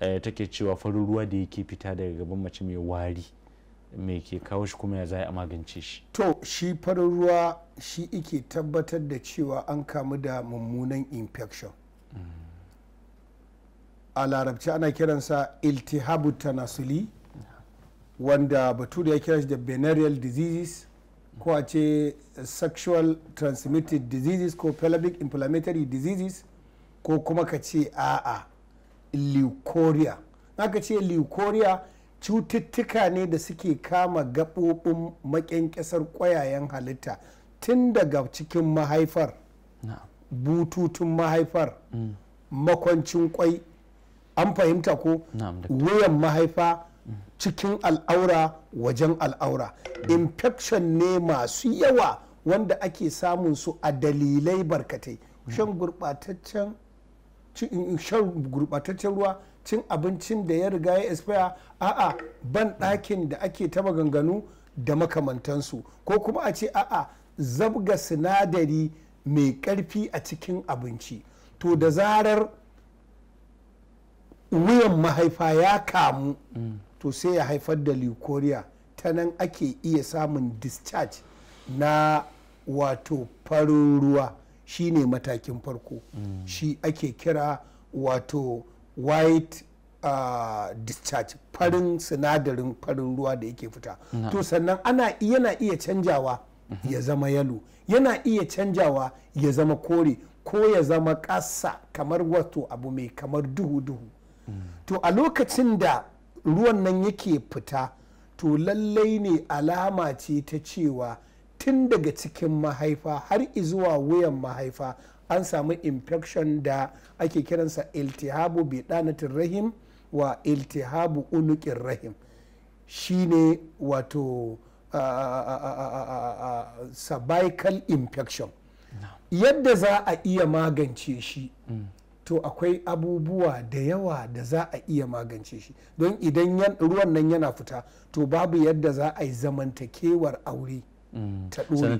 Eh, take cewa farin ruwa da yake fita daga gaban mace mai wari me ke kawo shi kuma ya za a magance shi to shi farin ruwa shi ike tabbatar da cewa an kamu da mummunan infection a larabci ana kiransa iltihabu tanasuli wanda bature ya kira shi da venereal diseases ko a ce sexual transmitted diseases ko pelvic inflammatory diseases ko kuma ka ce a'a leukoria aka ce leucoria cututtuka ne da suke kama gaɓoɓin maƙyanƙyasar ƙwayayen halitta tun daga cikin mahaifar bututun mahaifar mm. makwancin kwai an fahimta ko wuyan mahaifa mm. cikin al'aura wajen al'aura mm. infection ne masu yawa wanda ake samun su a dalilai barkatai shan gurɓataccen shan gurbataccen ruwa cin abincin da ya riga ya expire a'a ban ɗakin da ake taɓa ganganu da makamantansu ko kuma a ce a'a zabga sinadari mai ƙarfi a cikin abinci to da zarar wuyan mahaifa ya kamu to sai ya haifar da leukoria ta nan ake iya samun discharge na wato farin ruwa shine matakin farko shi ake kira wato white uh, discharge farin sinadarin farin ruwa da yake fita to sannan ana yana iya canjawa mhm. ya zama yalo yana iya canjawa ya zama kore ko ya zama ƙasa kamar wato abu mai kamar duhu-duhu mm. to a lokacin da ruwan nan yake fita to lallai ne alama ce ta cewa tun daga cikin mahaifa har izuwa wuyan mahaifa an samu infection da ake kiransa iltihabu bidanatin rahim wa iltihabu unukin rahim shine wato cervical infection yadda za a iya magance shi mm. to akwai abubuwa da yawa da za a iya magance shi don idan ruwan nan yana fita to babu yadda za a yi zamantakewar aure Mm. ta don eh,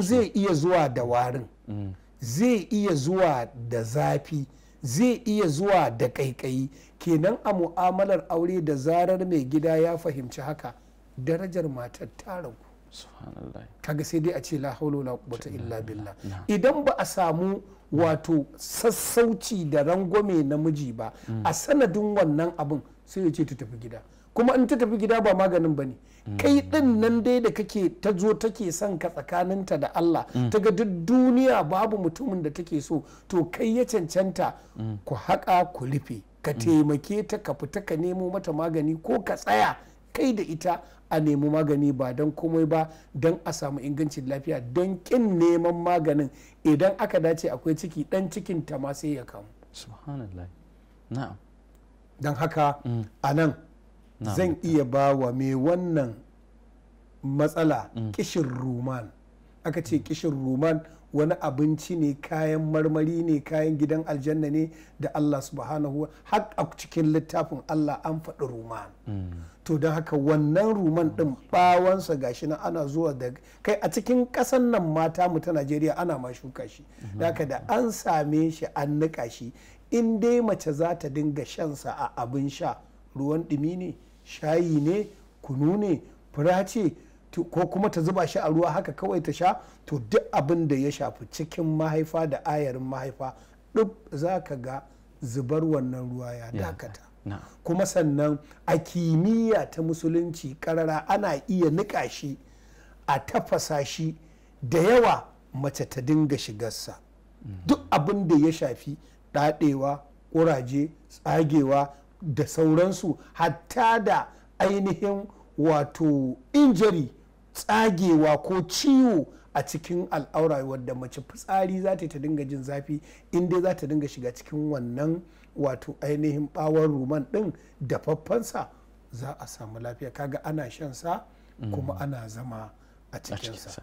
zai iya zuwa da warin mm. zai iya zuwa da zafi zai iya zuwa da ƙaiƙayi kenan a mu'amalar aure da zarar mai gida ya fahimci haka darajar matar ta ragu kaga sai dai a ce la haula la quwwata illa billah idan ba a samu wato sassauci da rangwame namiji ba mm. a sanadin wannan abin sai ya ce ta tafi gida kuma in ta tafi gida ba maganin ba ne kai din nan dai da kake ta zo take son ka tsakaninta da Allah mm. ta ga duk duniya babu mutumin da take so to kai ya cancanta mm. ku haƙa ku rufe ka mm. taimake ta ka fita ka nemo mata magani ko ka tsaya kai da ita a nemi magani ba don komai ba don a samu ingancin lafiya don kin neman maganin idan aka dace akwai ciki dan cikin ta ma sai ya kamu subhanallah na'am don haka a nan zan iya ba wa mai wannan matsala mm. kishin ruman aka ce kishin ruman wani abinci ne kayan marmari ne kayan gidan aljanna ne da Allah subhanahu har a cikin littafin Allah an faɗi ruman mm. to don haka wannan ruman ɗin bawansa gashi nan ana zuwa da kai a cikin ƙasan nan mata mu ta Najeriya ana ma shuka shi haka da an same shi an niƙa shi in dai mace za ta dinga shansa a abin sha ruwan ɗumi ne shayi ne kunu ne fura ce ko kuma ta zuba shi a ruwa haka kawai ta sha to duk abin da ya shafi cikin mahaifa da ayarin mahaifa duk za ka ga zubar wannan ruwa ya dakata kuma sannan a kimiyya ta musulunci karara ana iya niƙa shi a tafasa shi da yawa mace ta dinga shigarsa mm. duk abin da ya shafi ɗaɗewa ƙuraje tsagewa da sauransu hatta da ainihin wato injiri tsagewa ko ciwo a cikin al'aura wadda mace fitsari za ta ta dinga jin zafi inda za ta dinga shiga cikin wannan wato ainihin bawon ruman din da faffansa za a samu lafiya kaga ana shan sa kuma mm. ana zama a cikinsa